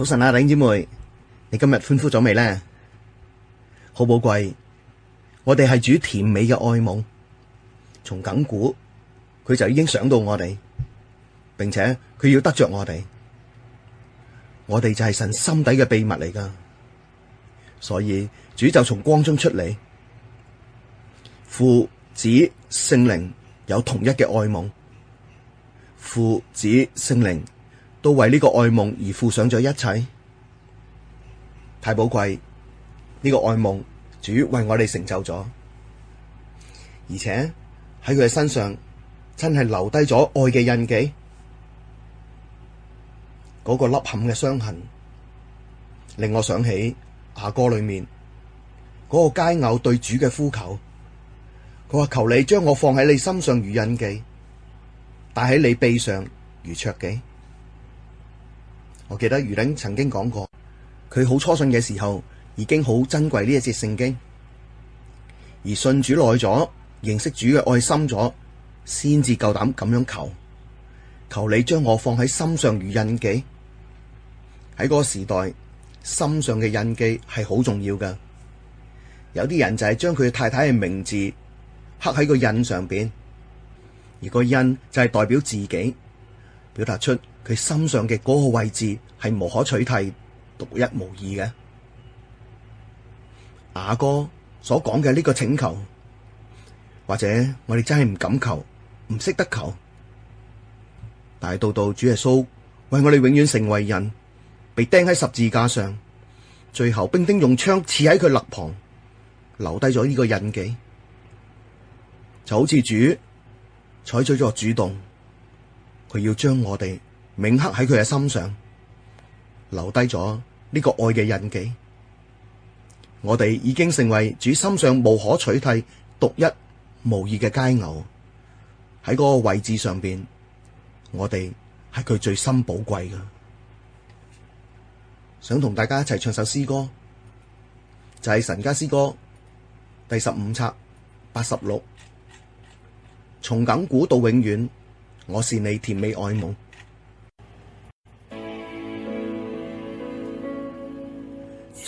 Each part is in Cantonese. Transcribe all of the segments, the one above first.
早晨啊，頂姐妹，你今日歡呼咗未呢？好寶貴，我哋係主甜美嘅愛夢，從亙古佢就已經想到我哋，並且佢要得着我哋，我哋就係神心底嘅秘密嚟㗎。所以主就從光中出嚟，父子聖靈有同一嘅愛夢，父子聖靈，都為呢個愛夢而付上咗一切，太寶貴！呢、這個愛夢，主為我哋成就咗，而且喺佢嘅身上真係留低咗愛嘅印記，嗰、那個凹陷嘅傷痕，令我想起雅歌裏面嗰、那個佳偶對主嘅呼求，佢話求你將我放喺你心上如印記，帶喺你臂上如戳記。我記得愚玲曾經講過，佢好初信嘅時候，已經好珍貴呢一節聖經。而信主耐咗，認識主嘅愛心咗，先至夠膽咁樣求，求你將我放喺心上如印記。喺嗰個時代，心上嘅印記係好重要㗎。有啲人就係將佢太太嘅名字刻喺個印上邊，而個印就係代表自己，表達出。佢身上嘅嗰個位置係無可取替，獨一無二嘅。阿哥所講嘅呢個請求，或者我哋真係唔敢求、唔識得求，但係到到主耶穌為我哋永遠成為人，被釘喺十字架上，最後兵丁用槍刺喺佢肋旁，留低咗呢個印記，就好似主採取咗主動，佢要將我哋。銘刻喺佢嘅心上，留低咗呢個愛嘅印記。我哋已經成為主心上無可取替、獨一無二嘅佳偶喺嗰個位置上邊，我哋係佢最深寶貴嘅。想同大家一齊唱首詩歌，就係、是《神家詩歌》第十五冊八十六，從亙古到永遠，我是你甜美愛夢。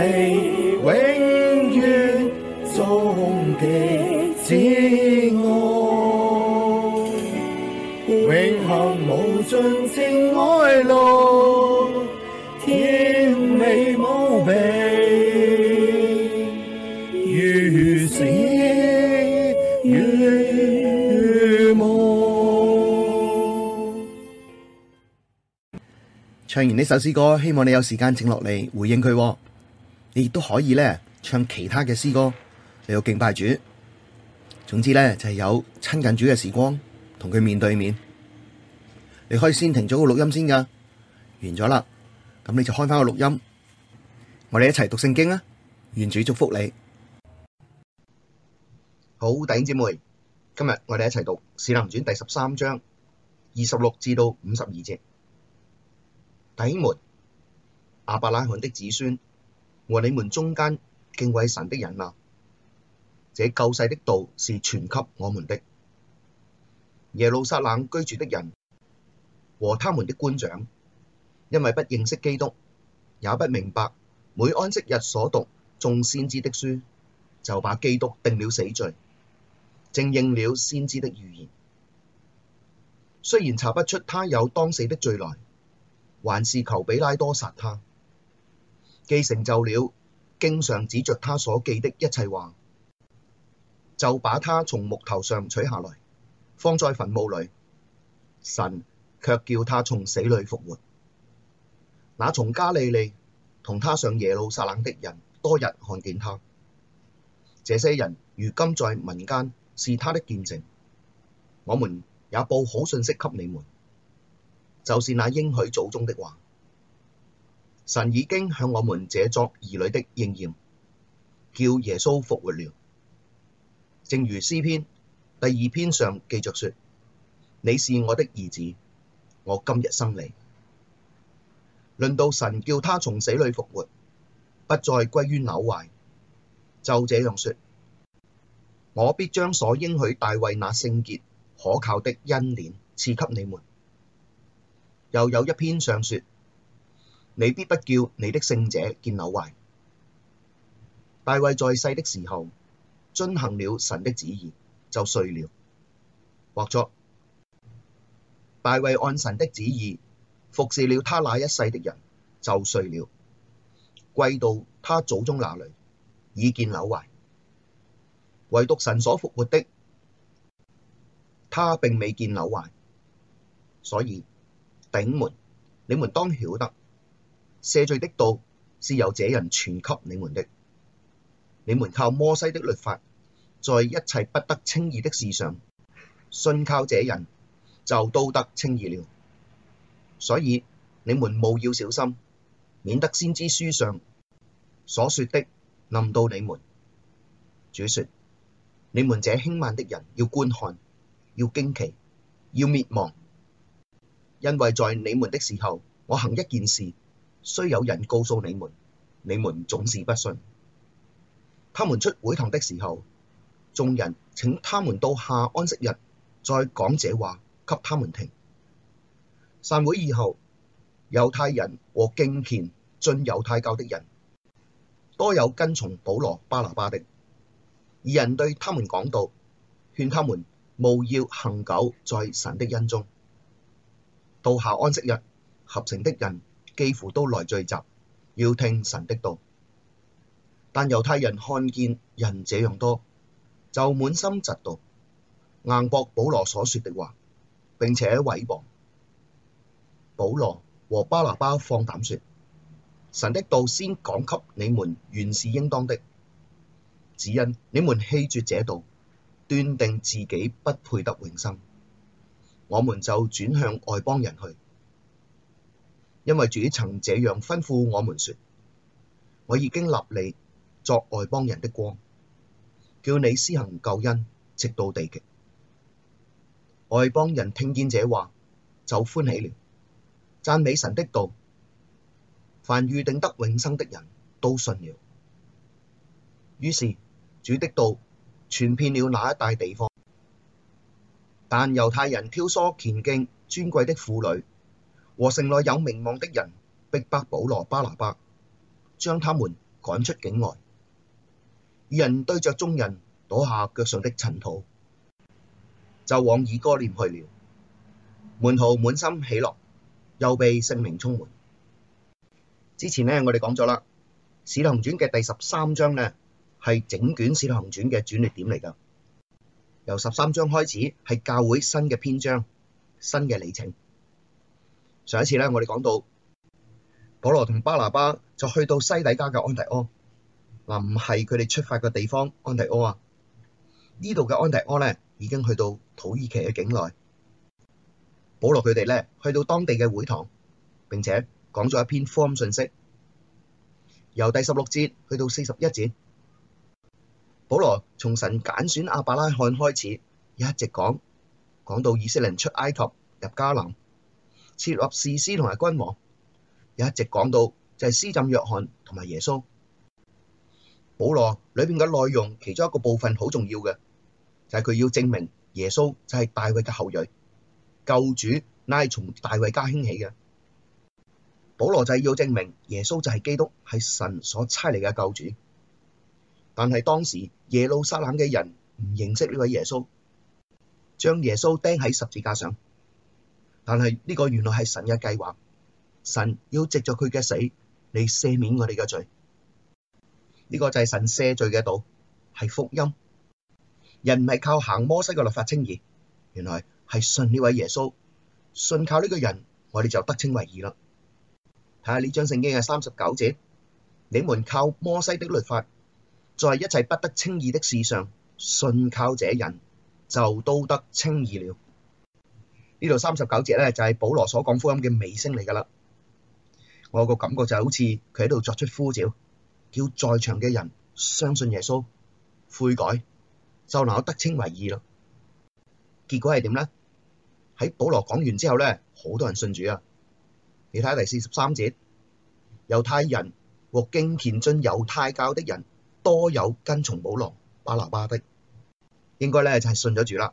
你永遠終極至愛，永恆無盡情愛路，甜美無比，如詩如夢。唱完呢首詩歌，希望你有時間請落嚟回應佢。你亦都可以咧唱其他嘅詩歌，你又敬拜主，總之咧就係有親近主嘅時光，同佢面對面。你可以先停咗個錄音先噶，完咗啦，咁你就開翻個錄音，我哋一齊讀聖經啊！願主祝福你。好，弟兄姊妹，今日我哋一齊讀使徒行傳第十三章二十六至到五十二節。弟兄們，亞伯拉罕的子孫。和你們中間敬畏神的人哪，這救世的道是傳給我們的。耶路撒冷居住的人和他們的官長，因為不認識基督，也不明白每安息日所讀眾先知的書，就把基督定了死罪，正應了先知的預言。雖然查不出他有當死的罪來，還是求彼拉多殺他。既成就了，經上指着他所記的一切話，就把他從木頭上取下來，放在墳墓裡。神卻叫他從死裏復活。那從加利利同他上耶路撒冷的人多日看見他，這些人如今在民間是他的見證。我們也報好信息給你們，就是那應許祖宗的話。神已經向我們這作兒女的應驗，叫耶穌復活了。正如詩篇第二篇上記著說：「你是我的兒子，我今日生你。」論到神叫他從死裡復活，不再歸於朽壞，就這樣說，我必將所應許大衛那聖潔可靠的恩典，賜給你們。又有一篇上說。你必不叫你的聖者見朽壞。大衛在世的時候，遵行了神的旨意，就睡了，或作大衛按神的旨意服事了他那一世的人，就睡了，歸到他祖宗那裡，已見朽壞。唯獨神所復活的，他並未見朽壞。所以，弟兄們，你們當曉得。赦罪的道是由這人傳給你們的。你們靠摩西的律法，在一切不得稱義的事上，信靠這人，就都得稱義了。所以你們務要小心，免得先知書上所說的臨到你們。主說：你們這輕慢的人要觀看，要驚奇，要滅亡，因為在你們的時候，我行一件事。雖有人告訴你們，你們總是不信。他們出會堂的時候，眾人請他們到下安息日再講這話給他們聽。散會以後，猶太人和敬虔進猶太教的人，多有跟從保羅、巴拿巴的，二人對他們講道，勸他們務要恒久在神的恩中，到下安息日合城的人。幾乎都來聚集，要聽神的道。但猶太人看見人這樣多，就滿心嫉妒，硬駁保羅所說的話，並且毀謗。保羅和巴拿巴放膽說：神的道先講給你們，原是應當的，只因你們棄絕這道，斷定自己不配得永生，我們就轉向外邦人去。因為主曾這樣吩咐我們說：我已經立你作外邦人的光，叫你施行救恩，直到地極。外邦人聽見這話，就歡喜了，讚美神的道。凡預定得永生的人都信了，於是主的道傳遍了那一帶地方。但猶太人挑唆虔敬尊，尊貴的婦女。和城內有名望的人，逼迫保羅、巴拿巴，將他們趕出境外。二人對着眾人，跺下腳上的塵土，就往以哥念去了。門徒滿心喜樂，又被聖靈充滿。之前呢，我哋講咗啦，《使徒行傳》嘅第十三章呢，係整卷《使徒行傳》嘅轉捩點嚟㗎。由十三章開始，係教會新嘅篇章，新嘅里程。上一次咧，我哋講到，保羅同巴拿巴就去到西底家嘅安提奧，嗱，唔係佢哋出發嘅地方安提奧啊，呢度嘅安提奧咧已經去到土耳其嘅境內。保羅佢哋咧去到當地嘅會堂，並且講咗一篇福音信息，由第十六節去到四十一節，保羅從神揀選亞伯拉罕開始，一直講講到以色列出埃及、入迦南。設立士師同埋君王，一直講到就係施浸約翰同埋耶穌。保羅裏邊嘅內容其中一個部分好重要嘅，就係、是、佢要證明耶穌就係大衛嘅後裔，救主乃係從大衛家興起嘅。保羅就係要證明耶穌就係基督，係神所差嚟嘅救主。但係當時耶路撒冷嘅人唔認識呢位耶穌，將耶穌釘喺十字架上。但係呢個原來係神嘅計劃，神要藉着佢嘅死嚟赦免我哋嘅罪，呢個就係神赦罪嘅道，係福音。人唔係靠行摩西嘅律法稱義，原來係信呢位耶穌，信靠呢個人，我哋就得稱為義啦。睇下呢章聖經嘅三十九節，你們靠摩西的律法，在一切不得稱義的事上，信靠這人就都得稱義了。呢度三十九節咧，就係、是、保羅所講福音嘅尾聲嚟噶啦。我個感覺就好似佢喺度作出呼召，叫在場嘅人相信耶穌、悔改，就能夠得稱為義咯。結果係點咧？喺保羅講完之後咧，好多人信主啊！你睇下第四十三節，猶太人和敬虔進猶太教的人多有跟從保羅、巴拿巴的，應該咧就係、是、信咗主啦。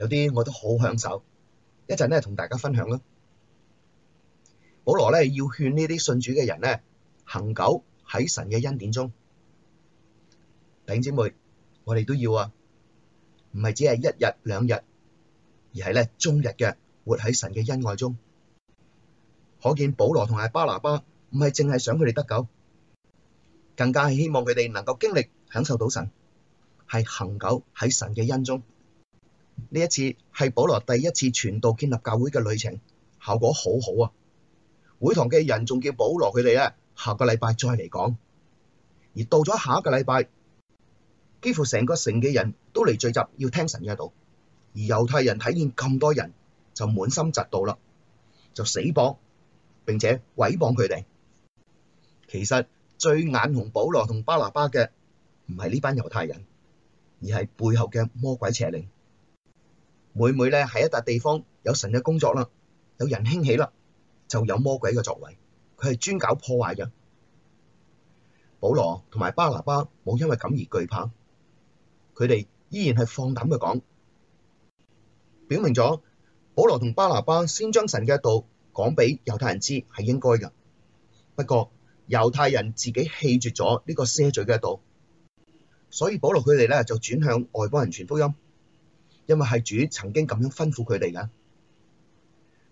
有啲我都好享受，一陣咧同大家分享啦。保羅咧要勸呢啲信主嘅人咧，恆久喺神嘅恩典中。弟兄姐妹，我哋都要啊，唔係只係一日兩日，而係咧終日嘅活喺神嘅恩愛中。可見保羅同埋巴拿巴唔係淨係想佢哋得救，更加係希望佢哋能夠經歷享受到神，係恆久喺神嘅恩中。呢一次係保羅第一次傳道建立教會嘅旅程，效果好好啊！會堂嘅人仲叫保羅佢哋咧，下個禮拜再嚟講。而到咗下個禮拜，幾乎成個城嘅人都嚟聚集要聽神嘅道。而猶太人睇見咁多人就滿心疾妒啦，就死駁並且毀謗佢哋。其實最眼紅保羅同巴拿巴嘅唔係呢班猶太人，而係背後嘅魔鬼邪靈。每每咧喺一笪地方有神嘅工作啦，有人興起啦，就有魔鬼嘅作為，佢係專搞破壞嘅。保羅同埋巴拿巴冇因為咁而懼怕，佢哋依然係放膽去講，表明咗保羅同巴拿巴先將神嘅一道講俾猶太人知係應該嘅。不過猶太人自己棄絕咗呢個赦罪嘅一道，所以保羅佢哋咧就轉向外邦人傳福音。因為係主曾經咁樣吩咐佢哋噶，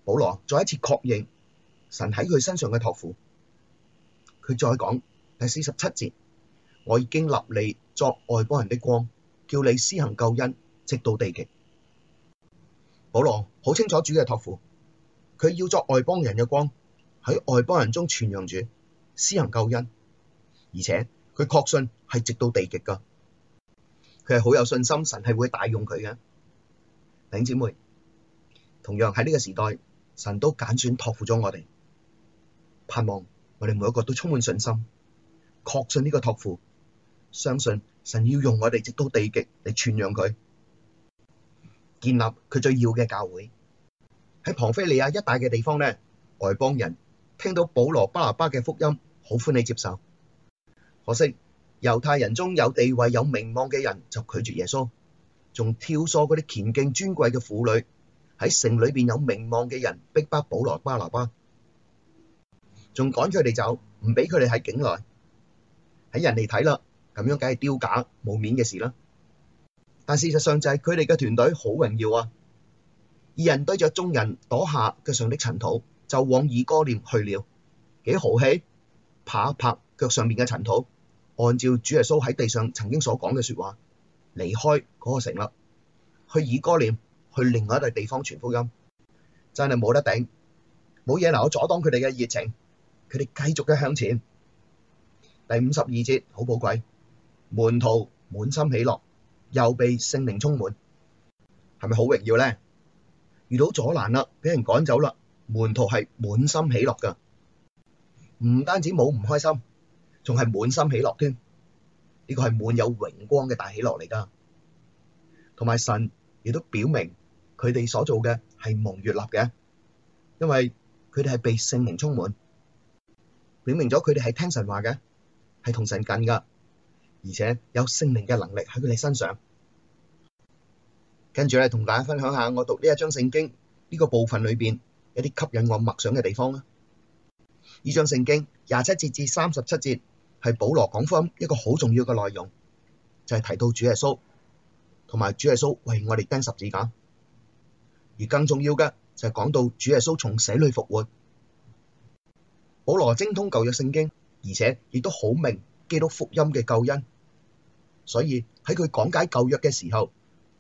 保羅再一次確認神喺佢身上嘅託付。佢再講第四十七節：我已經立你作外邦人的光，叫你施行救恩，直到地極。保羅好清楚主嘅託付，佢要作外邦人嘅光，喺外邦人中傳揚主，施行救恩，而且佢確信係直到地極噶。佢係好有信心，神係會大用佢嘅。弟兄姊妹，同樣喺呢個時代，神都揀選託付咗我哋，盼望我哋每一個都充滿信心，確信呢個託付，相信神要用我哋直到地極嚟傳揚佢，建立佢最要嘅教會。喺旁非利亞一帶嘅地方呢，外邦人聽到保羅巴拿巴嘅福音，好歡喜接受，可惜猶太人中有地位有名望嘅人就拒絕耶穌。仲挑唆嗰啲虔敬尊貴嘅婦女，喺城裏邊有名望嘅人，逼迫保羅巴拿巴，仲趕佢哋走，唔俾佢哋喺境內，喺人哋睇啦，咁樣梗係丟架冇面嘅事啦。但事實上就係佢哋嘅團隊好榮耀啊！二人對着眾人，跺下腳上的塵土，就往以哥念去了，幾豪氣！拍一拍腳上邊嘅塵土，按照主耶穌喺地上曾經所講嘅說話。離開嗰個城啦，去以哥念去另外一個地方傳福音，真係冇得頂，冇嘢能夠阻擋佢哋嘅熱情，佢哋繼續嘅向前。第五十二節好寶貴，門徒滿心喜樂，又被聖靈充滿，係咪好榮耀咧？遇到阻難啦，俾人趕走啦，門徒係滿心喜樂噶，唔單止冇唔開心，仲係滿心喜樂添。呢個係滿有榮光嘅大喜樂嚟噶，同埋神亦都表明佢哋所做嘅係蒙悅納嘅，因為佢哋係被聖靈充滿，表明咗佢哋係聽神話嘅，係同神近噶，而且有聖靈嘅能力喺佢哋身上。跟住咧，同大家分享下我讀呢一張聖經呢個部分裏邊一啲吸引我默想嘅地方啦。呢章聖經廿七節至三十七節。係保羅講福音一個好重要嘅內容，就係、是、提到主耶穌，同埋主耶穌為我哋釘十字架。而更重要嘅就係、是、講到主耶穌從死裡復活。保羅精通舊約聖經，而且亦都好明基督福音嘅救恩。所以喺佢講解舊約嘅時候，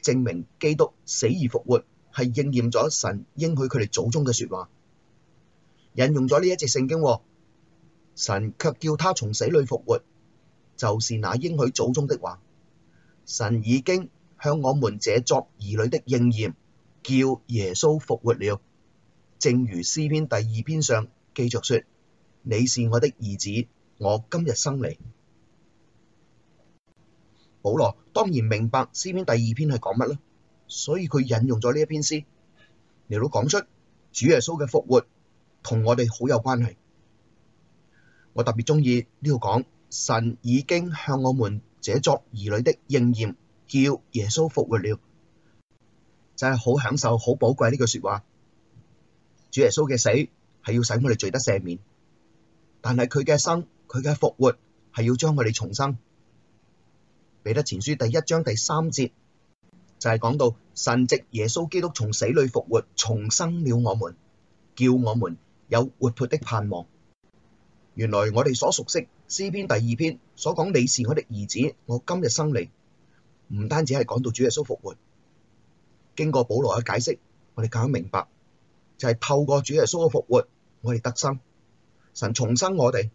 證明基督死而復活係應驗咗神應許佢哋祖宗嘅說話，引用咗呢一節聖經。神卻叫他從死裡復活，就是那應許祖宗的話。神已經向我們這作兒女的應驗，叫耶穌復活了。正如詩篇第二篇上記着說：你是我的兒子，我今日生你。保羅當然明白詩篇第二篇係講乜啦，所以佢引用咗呢一篇詩，嚟到講出主耶穌嘅復活同我哋好有關係。我特別中意呢度講，神已經向我們這作兒女的應驗，叫耶穌復活了，就係好享受、好寶貴呢句說話。主耶穌嘅死係要使我哋罪得赦免，但係佢嘅生、佢嘅復活係要將我哋重生。彼得前書第一章第三節就係講到，神藉耶穌基督從死裏復活，重生了我們，叫我們有活潑的盼望。原來我哋所熟悉詩篇第二篇所講你是我的兒子，我今日生你。」唔單止係講到主耶穌復活，經過保羅嘅解釋，我哋搞明白就係、是、透過主耶穌嘅復活，我哋得生，神重生我哋，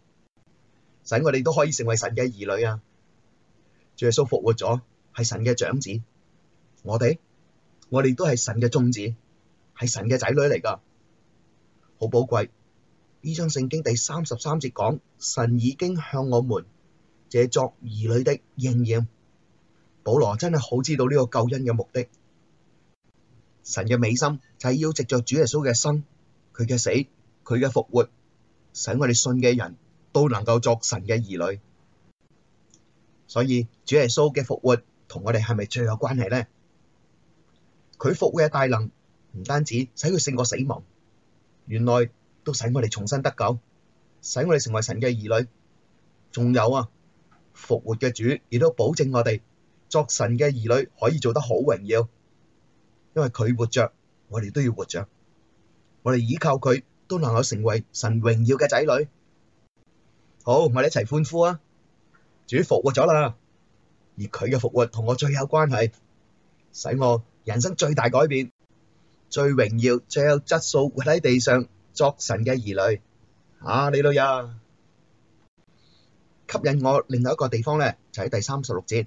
使我哋都可以成為神嘅兒女啊！主耶穌復活咗，係神嘅長子，我哋我哋都係神嘅眾子，係神嘅仔女嚟噶，好寶貴。呢章聖經第三十三節講，神已經向我們這作兒女的應驗。保羅真係好知道呢個救恩嘅目的，神嘅美心就係要藉着主耶穌嘅生、佢嘅死、佢嘅復活，使我哋信嘅人都能夠作神嘅兒女。所以主耶穌嘅復活同我哋係咪最有關係呢？佢復活嘅大能唔單止使佢勝過死亡，原來。都使我哋重新得救，使我哋成為神嘅兒女。仲有啊，復活嘅主亦都保證我哋作神嘅兒女可以做得好榮耀，因為佢活着，我哋都要活着。我哋依靠佢都能夠成為神榮耀嘅仔女。好，我哋一齊歡呼啊！主復活咗啦，而佢嘅復活同我最有關係，使我人生最大改變，最榮耀、最有質素活喺地上。作神嘅兒女，啊，你老友吸引我。另外一個地方咧，就喺、是、第三十六節，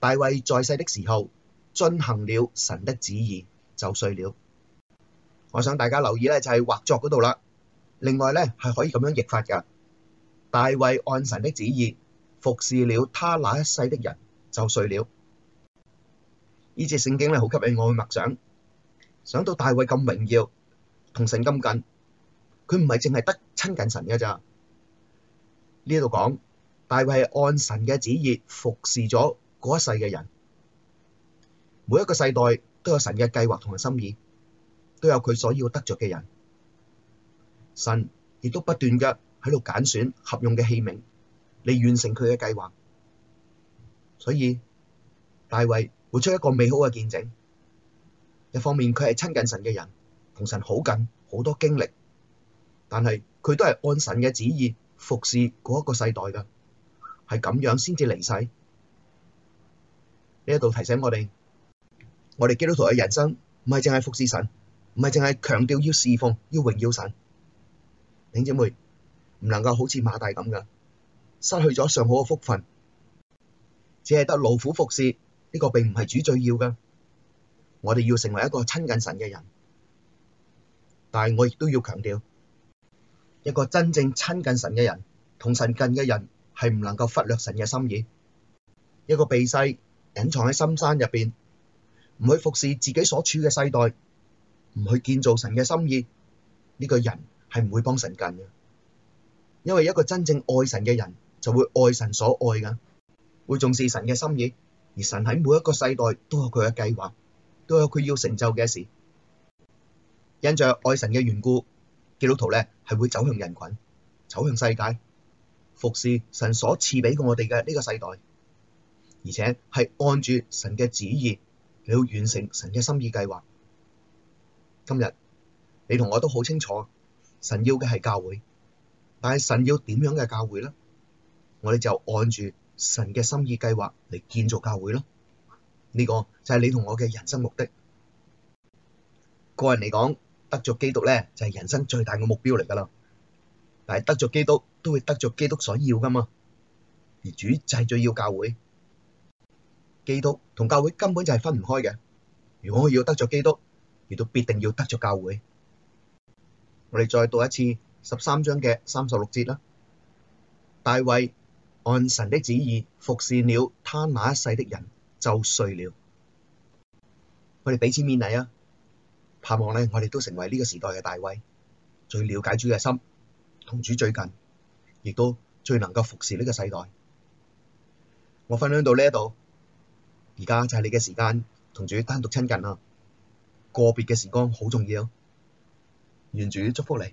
大衛在世的時候，遵行了神的旨意，就睡了。我想大家留意咧，就係、是、或作嗰度啦。另外咧，係可以咁樣譯法嘅，大衛按神的旨意服事了他那一世的人，就睡了。呢節聖經咧，好吸引我去默想，想到大衛咁榮耀。同神咁近，佢唔係淨係得親近神嘅咋？呢度講大衛係按神嘅旨意服侍咗嗰一世嘅人，每一個世代都有神嘅計劃同埋心意，都有佢所要得着嘅人。神亦都不斷嘅喺度揀選合用嘅器皿嚟完成佢嘅計劃，所以大衛活出一個美好嘅見證。一方面佢係親近神嘅人。同神好近，好多經歷，但係佢都係按神嘅旨意服侍嗰一個世代嘅，係咁樣先至離世。呢一度提醒我哋，我哋基督徒嘅人生唔係淨係服侍神，唔係淨係強調要侍奉、要榮耀神。兄姐妹唔能夠好似馬大咁噶，失去咗上好嘅福分，只係得勞苦服侍呢、這個，並唔係主最要噶。我哋要成為一個親近神嘅人。但係我亦都要強調，一個真正親近神嘅人，同神近嘅人係唔能夠忽略神嘅心意。一個避世、隱藏喺深山入邊，唔去服侍自己所處嘅世代，唔去建造神嘅心意，呢個人係唔會幫神近嘅。因為一個真正愛神嘅人，就會愛神所愛噶，會重視神嘅心意。而神喺每一個世代都有佢嘅計劃，都有佢要成就嘅事。因着愛神嘅緣故，基督徒咧係會走向人群，走向世界，服侍神所賜俾我哋嘅呢個世代，而且係按住神嘅旨意，你要完成神嘅心意計劃。今日你同我都好清楚，神要嘅係教會，但係神要點樣嘅教會咧？我哋就按住神嘅心意計劃嚟建造教會咯。呢個就係你同我嘅人生目的。個人嚟講。得著基督咧，就係人生最大嘅目標嚟噶啦。但係得著基督，都會得著基督所要噶嘛。而主最最要教會，基督同教會根本就係分唔開嘅。如果我要得著基督，亦都必定要得著教會。我哋再讀一次十三章嘅三十六節啦。大衛按神的旨意服事了他那一世的人，就睡了。我哋俾錢面禮啊！盼望咧，我哋都成為呢個時代嘅大衛，最了解主嘅心，同主最近，亦都最能夠服侍呢個世代。我分享到呢一度，而家就係你嘅時間，同主單獨親近啦，個別嘅時光好重要。願主祝福你。